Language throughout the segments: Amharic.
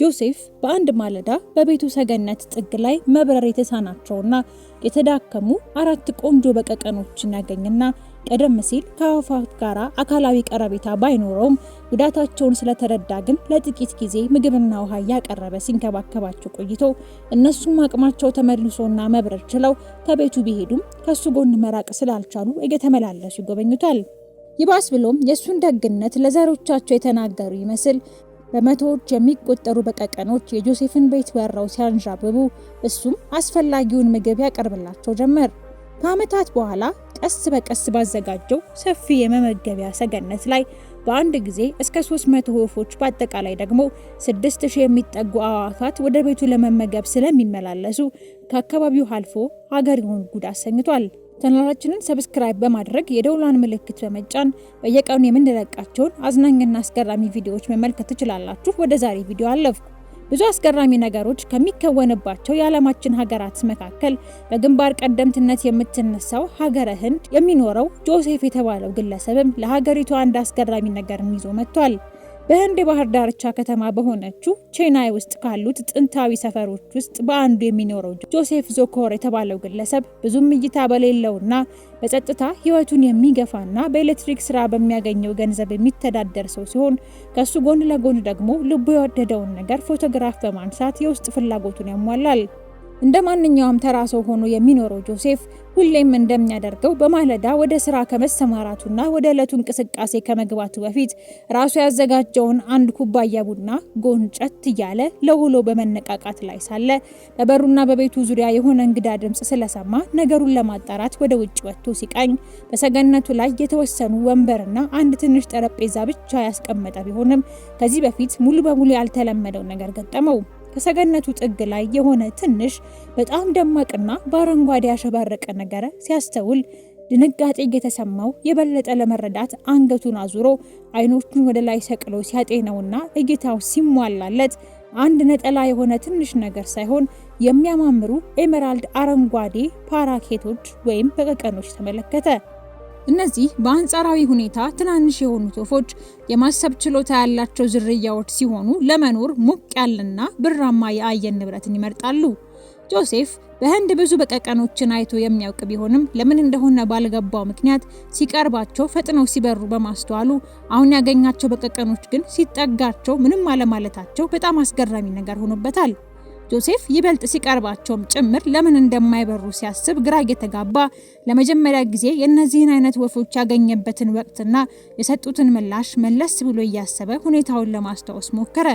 ጆሴፍ በአንድ ማለዳ በቤቱ ሰገነት ጥግ ላይ መብረር የተሳናቸውና የተዳከሙ አራት ቆንጆ በቀቀኖችን ያገኝና ቀደም ሲል ከአዋፋት ጋር አካላዊ ቀረቤታ ባይኖረውም ጉዳታቸውን ስለተረዳ ግን ለጥቂት ጊዜ ምግብና ውሃ እያቀረበ ሲንከባከባቸው ቆይቶ እነሱም አቅማቸው ተመልሶና መብረር ችለው ከቤቱ ቢሄዱም ከሱ ጎን መራቅ ስላልቻሉ እየተመላለሱ ይጎበኙታል። ይባስ ብሎም የእሱን ደግነት ለዘሮቻቸው የተናገሩ ይመስል በመቶዎች የሚቆጠሩ በቀቀኖች የጆሴፍን ቤት በራው ሲያንዣብቡ እሱም አስፈላጊውን ምግብ ያቀርብላቸው ጀመር። ከዓመታት በኋላ ቀስ በቀስ ባዘጋጀው ሰፊ የመመገቢያ ሰገነት ላይ በአንድ ጊዜ እስከ 300 ወፎች በአጠቃላይ ደግሞ 6000 የሚጠጉ አዋፋት ወደ ቤቱ ለመመገብ ስለሚመላለሱ ከአካባቢው አልፎ ሀገር ይሆን ጉድ አሰኝቷል። ቻናላችንን ሰብስክራይብ በማድረግ የደውሏን ምልክት በመጫን በየቀኑ የምንለቃቸውን አዝናኝና አስገራሚ ቪዲዮዎች መመልከት ትችላላችሁ። ወደ ዛሬ ቪዲዮ አለፍኩ። ብዙ አስገራሚ ነገሮች ከሚከወንባቸው የዓለማችን ሀገራት መካከል በግንባር ቀደምትነት የምትነሳው ሀገረ ህንድ የሚኖረው ጆሴፍ የተባለው ግለሰብም ለሀገሪቱ አንድ አስገራሚ ነገርን ይዞ መጥቷል። በህንድ የባህር ዳርቻ ከተማ በሆነችው ቼናይ ውስጥ ካሉት ጥንታዊ ሰፈሮች ውስጥ በአንዱ የሚኖረው ጆሴፍ ዞኮር የተባለው ግለሰብ ብዙም እይታ በሌለውና በጸጥታ ህይወቱን የሚገፋና በኤሌክትሪክ ስራ በሚያገኘው ገንዘብ የሚተዳደር ሰው ሲሆን ከሱ ጎን ለጎን ደግሞ ልቡ የወደደውን ነገር ፎቶግራፍ በማንሳት የውስጥ ፍላጎቱን ያሟላል። እንደ ማንኛውም ተራ ሰው ሆኖ የሚኖረው ጆሴፍ ሁሌም እንደሚያደርገው በማለዳ ወደ ስራ ከመሰማራቱና ወደ ዕለቱ እንቅስቃሴ ከመግባቱ በፊት ራሱ ያዘጋጀውን አንድ ኩባያ ቡና ጎንጨት እያለ ለውሎ በመነቃቃት ላይ ሳለ በበሩና በቤቱ ዙሪያ የሆነ እንግዳ ድምፅ ስለሰማ ነገሩን ለማጣራት ወደ ውጭ ወጥቶ ሲቃኝ በሰገነቱ ላይ የተወሰኑ ወንበርና አንድ ትንሽ ጠረጴዛ ብቻ ያስቀመጠ ቢሆንም ከዚህ በፊት ሙሉ በሙሉ ያልተለመደው ነገር ገጠመው። ከሰገነቱ ጥግ ላይ የሆነ ትንሽ በጣም ደማቅና በአረንጓዴ ያሸባረቀ ነገር ሲያስተውል ድንጋጤ እየተሰማው የበለጠ ለመረዳት አንገቱን አዙሮ አይኖቹን ወደ ላይ ሰቅሎ ሲያጤነውና እይታው ሲሟላለት አንድ ነጠላ የሆነ ትንሽ ነገር ሳይሆን የሚያማምሩ ኤመራልድ አረንጓዴ ፓራኬቶች ወይም በቀቀኖች ተመለከተ። እነዚህ በአንጻራዊ ሁኔታ ትናንሽ የሆኑት ወፎች የማሰብ ችሎታ ያላቸው ዝርያዎች ሲሆኑ ለመኖር ሞቅ ያለና ብራማ የአየር ንብረትን ይመርጣሉ። ጆሴፍ በህንድ ብዙ በቀቀኖችን አይቶ የሚያውቅ ቢሆንም ለምን እንደሆነ ባልገባው ምክንያት ሲቀርባቸው ፈጥነው ሲበሩ በማስተዋሉ አሁን ያገኛቸው በቀቀኖች ግን ሲጠጋቸው ምንም አለማለታቸው በጣም አስገራሚ ነገር ሆኖበታል። ጆሴፍ ይበልጥ ሲቀርባቸውም ጭምር ለምን እንደማይበሩ ሲያስብ ግራ እየተጋባ ለመጀመሪያ ጊዜ የእነዚህን አይነት ወፎች ያገኘበትን ወቅትና የሰጡትን ምላሽ መለስ ብሎ እያሰበ ሁኔታውን ለማስታወስ ሞከረ።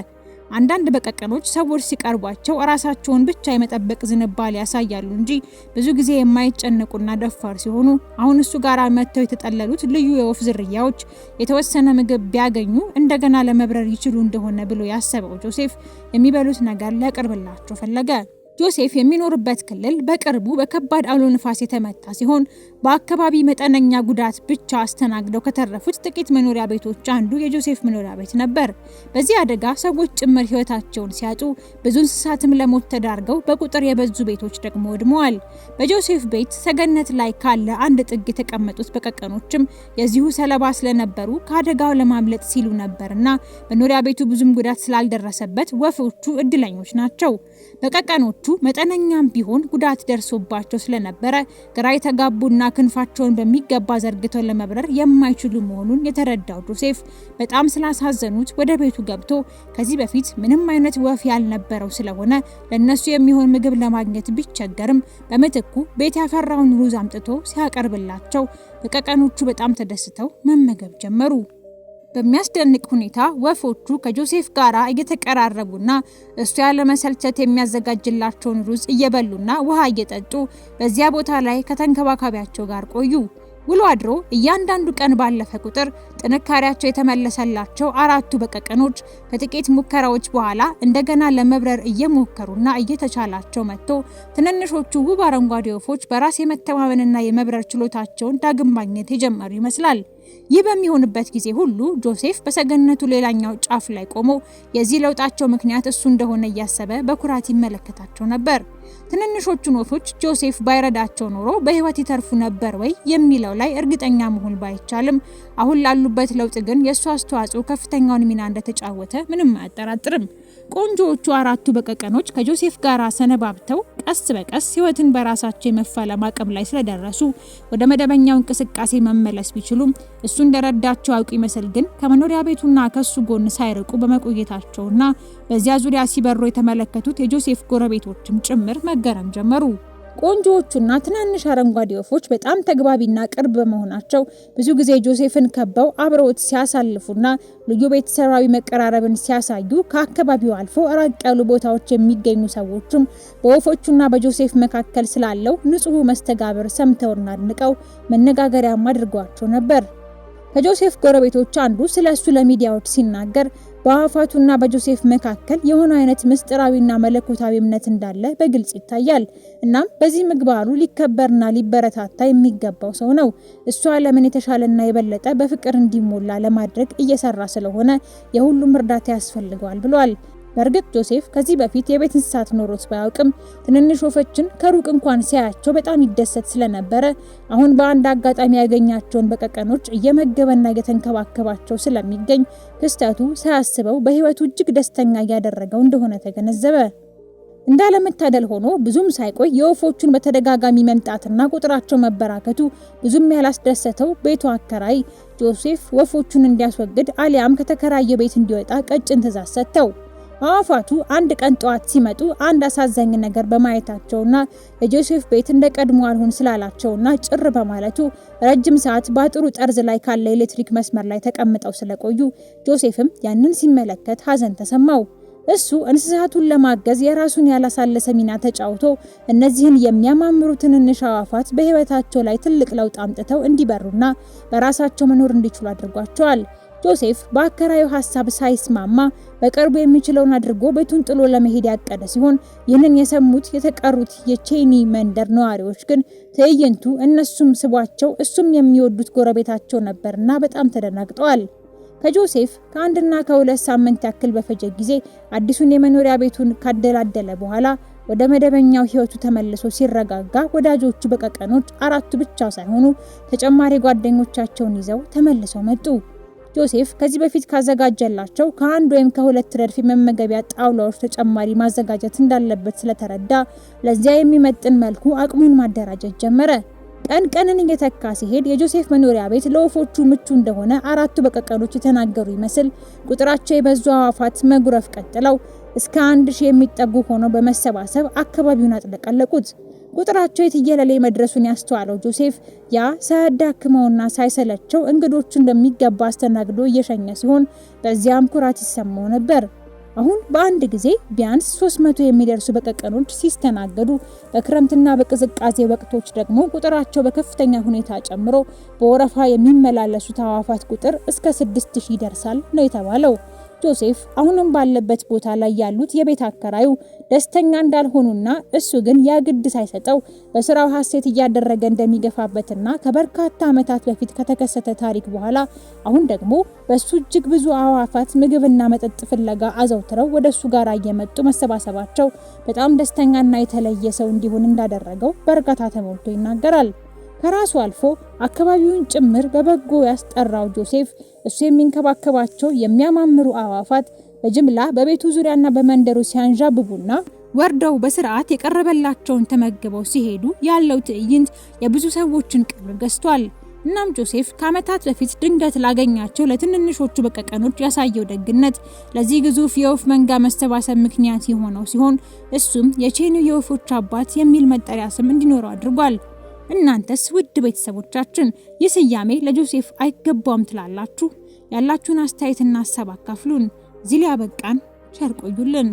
አንዳንድ በቀቀኖች ሰዎች ሲቀርቧቸው ራሳቸውን ብቻ የመጠበቅ ዝንባል ያሳያሉ እንጂ ብዙ ጊዜ የማይጨነቁና ደፋር ሲሆኑ፣ አሁን እሱ ጋር መጥተው የተጠለሉት ልዩ የወፍ ዝርያዎች የተወሰነ ምግብ ቢያገኙ እንደገና ለመብረር ይችሉ እንደሆነ ብሎ ያሰበው ጆሴፍ የሚበሉት ነገር ሊያቀርብላቸው ፈለገ። ጆሴፍ የሚኖርበት ክልል በቅርቡ በከባድ አውሎ ንፋስ የተመታ ሲሆን በአካባቢ መጠነኛ ጉዳት ብቻ አስተናግደው ከተረፉት ጥቂት መኖሪያ ቤቶች አንዱ የጆሴፍ መኖሪያ ቤት ነበር። በዚህ አደጋ ሰዎች ጭምር ሕይወታቸውን ሲያጡ ብዙ እንስሳትም ለሞት ተዳርገው በቁጥር የበዙ ቤቶች ደግሞ ወድመዋል። በጆሴፍ ቤት ሰገነት ላይ ካለ አንድ ጥግ የተቀመጡት በቀቀኖችም የዚሁ ሰለባ ስለነበሩ ከአደጋው ለማምለጥ ሲሉ ነበርና መኖሪያ ቤቱ ብዙም ጉዳት ስላልደረሰበት ወፎቹ እድለኞች ናቸው። በቀቀኖቹ መጠነኛም ቢሆን ጉዳት ደርሶባቸው ስለነበረ ግራ የተጋቡና ክንፋቸውን በሚገባ ዘርግተው ለመብረር የማይችሉ መሆኑን የተረዳው ጆሴፍ በጣም ስላሳዘኑት ወደ ቤቱ ገብቶ ከዚህ በፊት ምንም አይነት ወፍ ያልነበረው ስለሆነ ለእነሱ የሚሆን ምግብ ለማግኘት ቢቸገርም በምትኩ ቤት ያፈራውን ሩዝ አምጥቶ ሲያቀርብላቸው በቀቀኖቹ በጣም ተደስተው መመገብ ጀመሩ። በሚያስደንቅ ሁኔታ ወፎቹ ከጆሴፍ ጋር እየተቀራረቡና እሱ ያለመሰልቸት የሚያዘጋጅላቸውን ሩዝ እየበሉና ውሃ እየጠጡ በዚያ ቦታ ላይ ከተንከባካቢያቸው ጋር ቆዩ። ውሎ አድሮ እያንዳንዱ ቀን ባለፈ ቁጥር ጥንካሬያቸው የተመለሰላቸው አራቱ በቀቀኖች ከጥቂት ሙከራዎች በኋላ እንደገና ለመብረር እየሞከሩና እየተቻላቸው መጥቶ ትንንሾቹ ውብ አረንጓዴ ወፎች በራስ የመተማመንና የመብረር ችሎታቸውን ዳግም ማግኘት የጀመሩ ይመስላል። ይህ በሚሆንበት ጊዜ ሁሉ ጆሴፍ በሰገነቱ ሌላኛው ጫፍ ላይ ቆሞ የዚህ ለውጣቸው ምክንያት እሱ እንደሆነ እያሰበ በኩራት ይመለከታቸው ነበር። ትንንሾቹን ወፎች ጆሴፍ ባይረዳቸው ኖሮ በሕይወት ይተርፉ ነበር ወይ የሚለው ላይ እርግጠኛ መሆን ባይቻልም፣ አሁን ላሉበት ለውጥ ግን የእሱ አስተዋጽኦ ከፍተኛውን ሚና እንደተጫወተ ምንም አያጠራጥርም። ቆንጆዎቹ አራቱ በቀቀኖች ከጆሴፍ ጋር ሰነባብተው ቀስ በቀስ ህይወትን በራሳቸው የመፋለም አቅም ላይ ስለደረሱ ወደ መደበኛው እንቅስቃሴ መመለስ ቢችሉም እሱ እንደረዳቸው አውቅ ይመስል ግን ከመኖሪያ ቤቱና ከሱ ጎን ሳይርቁ በመቆየታቸውና በዚያ ዙሪያ ሲበሩ የተመለከቱት የጆሴፍ ጎረቤቶችም ጭምር መገረም ጀመሩ። ቆንጆዎቹና ትናንሽ አረንጓዴ ወፎች በጣም ተግባቢና ቅርብ በመሆናቸው ብዙ ጊዜ ጆሴፍን ከበው አብረውት ሲያሳልፉና ልዩ ቤተሰባዊ መቀራረብን ሲያሳዩ ከአካባቢው አልፎ ራቅ ያሉ ቦታዎች የሚገኙ ሰዎችም በወፎቹና በጆሴፍ መካከል ስላለው ንጹሕ መስተጋብር ሰምተውና አድንቀው መነጋገሪያም አድርገዋቸው ነበር። ከጆሴፍ ጎረቤቶች አንዱ ስለ እሱ ለሚዲያዎች ሲናገር በአዕዋፋቱና በጆሴፍ መካከል የሆነ አይነት ምስጢራዊና መለኮታዊ እምነት እንዳለ በግልጽ ይታያል። እናም በዚህ ምግባሩ ሊከበርና ሊበረታታ የሚገባው ሰው ነው። እሱ ዓለምን የተሻለና የበለጠ በፍቅር እንዲሞላ ለማድረግ እየሰራ ስለሆነ የሁሉም እርዳታ ያስፈልገዋል ብሏል። በእርግጥ ጆሴፍ ከዚህ በፊት የቤት እንስሳት ኖሮት ባያውቅም ትንንሽ ወፎችን ከሩቅ እንኳን ሲያያቸው በጣም ይደሰት ስለነበረ አሁን በአንድ አጋጣሚ ያገኛቸውን በቀቀኖች እየመገበና እየተንከባከባቸው ስለሚገኝ ክስተቱ ሳያስበው በህይወቱ እጅግ ደስተኛ እያደረገው እንደሆነ ተገነዘበ። እንዳለመታደል ሆኖ ብዙም ሳይቆይ የወፎቹን በተደጋጋሚ መምጣትና ቁጥራቸው መበራከቱ ብዙም ያላስደሰተው ቤቱ አከራይ ጆሴፍ ወፎቹን እንዲያስወግድ አሊያም ከተከራየ ቤት እንዲወጣ ቀጭን ትዕዛዝ ሰጥተው አዕዋፋቱ አንድ ቀን ጠዋት ሲመጡ አንድ አሳዛኝ ነገር በማየታቸውና የጆሴፍ ቤት እንደ ቀድሞ አልሆን ስላላቸውና ጭር በማለቱ ረጅም ሰዓት በአጥሩ ጠርዝ ላይ ካለ ኤሌክትሪክ መስመር ላይ ተቀምጠው ስለቆዩ ጆሴፍም ያንን ሲመለከት ሐዘን ተሰማው። እሱ እንስሳቱን ለማገዝ የራሱን ያላሳለሰ ሚና ተጫውቶ እነዚህን የሚያማምሩ ትንንሽ አዕዋፋት በሕይወታቸው ላይ ትልቅ ለውጥ አምጥተው እንዲበሩና በራሳቸው መኖር እንዲችሉ አድርጓቸዋል። ጆሴፍ በአከራዩ ሀሳብ ሳይስማማ በቅርቡ የሚችለውን አድርጎ ቤቱን ጥሎ ለመሄድ ያቀደ ሲሆን ይህንን የሰሙት የተቀሩት የቼኒ መንደር ነዋሪዎች ግን ትዕይንቱ እነሱም ስቧቸው እሱም የሚወዱት ጎረቤታቸው ነበርና በጣም ተደናግጠዋል። ከጆሴፍ ከአንድና ከሁለት ሳምንት ያክል በፈጀ ጊዜ አዲሱን የመኖሪያ ቤቱን ካደላደለ በኋላ ወደ መደበኛው ሕይወቱ ተመልሶ ሲረጋጋ ወዳጆቹ በቀቀኖች አራቱ ብቻ ሳይሆኑ ተጨማሪ ጓደኞቻቸውን ይዘው ተመልሰው መጡ። ጆሴፍ ከዚህ በፊት ካዘጋጀላቸው ከአንድ ወይም ከሁለት ረድፍ የመመገቢያ ጣውላዎች ተጨማሪ ማዘጋጀት እንዳለበት ስለተረዳ ለዚያ የሚመጥን መልኩ አቅሙን ማደራጀት ጀመረ። ቀን ቀንን እየተካ ሲሄድ የጆሴፍ መኖሪያ ቤት ለወፎቹ ምቹ እንደሆነ አራቱ በቀቀኖች የተናገሩ ይመስል ቁጥራቸው የበዙ አዋፋት መጉረፍ ቀጥለው እስከ አንድ ሺህ የሚጠጉ ሆነው በመሰባሰብ አካባቢውን አጥለቀለቁት። ቁጥራቸው የትየለሌ መድረሱን ያስተዋለው ጆሴፍ ያ ሳያዳክመውና ሳይሰለቸው እንግዶቹ እንደሚገባ አስተናግዶ እየሸኘ ሲሆን በዚያም ኩራት ይሰማው ነበር። አሁን በአንድ ጊዜ ቢያንስ 300 የሚደርሱ በቀቀኖች ሲስተናገዱ በክረምትና በቅዝቃዜ ወቅቶች ደግሞ ቁጥራቸው በከፍተኛ ሁኔታ ጨምሮ በወረፋ የሚመላለሱ አዕዋፋት ቁጥር እስከ 6000 ይደርሳል ነው የተባለው። ዮሴፍ አሁንም ባለበት ቦታ ላይ ያሉት የቤት አከራዩ ደስተኛ እንዳልሆኑና እሱ ግን ያግድ ሳይሰጠው በስራው ሀሴት እያደረገ እንደሚገፋበትና ከበርካታ ዓመታት በፊት ከተከሰተ ታሪክ በኋላ አሁን ደግሞ በሱ እጅግ ብዙ አዋፋት ምግብና መጠጥ ፍለጋ አዘውትረው ወደ እሱ ጋር እየመጡ መሰባሰባቸው በጣም ደስተኛና የተለየ ሰው እንዲሆን እንዳደረገው በእርጋታ ተሞልቶ ይናገራል። ከራሱ አልፎ አካባቢውን ጭምር በበጎ ያስጠራው ጆሴፍ እሱ የሚንከባከባቸው የሚያማምሩ አዕዋፋት በጅምላ በቤቱ ዙሪያና በመንደሩ ሲያንዣብቡና ወርደው በስርዓት የቀረበላቸውን ተመግበው ሲሄዱ ያለው ትዕይንት የብዙ ሰዎችን ቀልብ ገዝቷል። እናም ጆሴፍ ከዓመታት በፊት ድንገት ላገኛቸው ለትንንሾቹ በቀቀኖች ያሳየው ደግነት ለዚህ ግዙፍ የወፍ መንጋ መሰባሰብ ምክንያት የሆነው ሲሆን እሱም የቼኑ የወፎች አባት የሚል መጠሪያ ስም እንዲኖረው አድርጓል። እናንተስ ውድ ቤተሰቦቻችን ይህ ስያሜ ለጆሴፍ አይገባውም ትላላችሁ? ያላችሁን አስተያየትና ሀሳብ አካፍሉን። ዚሊያ በቃን። ቸር ቆዩልን።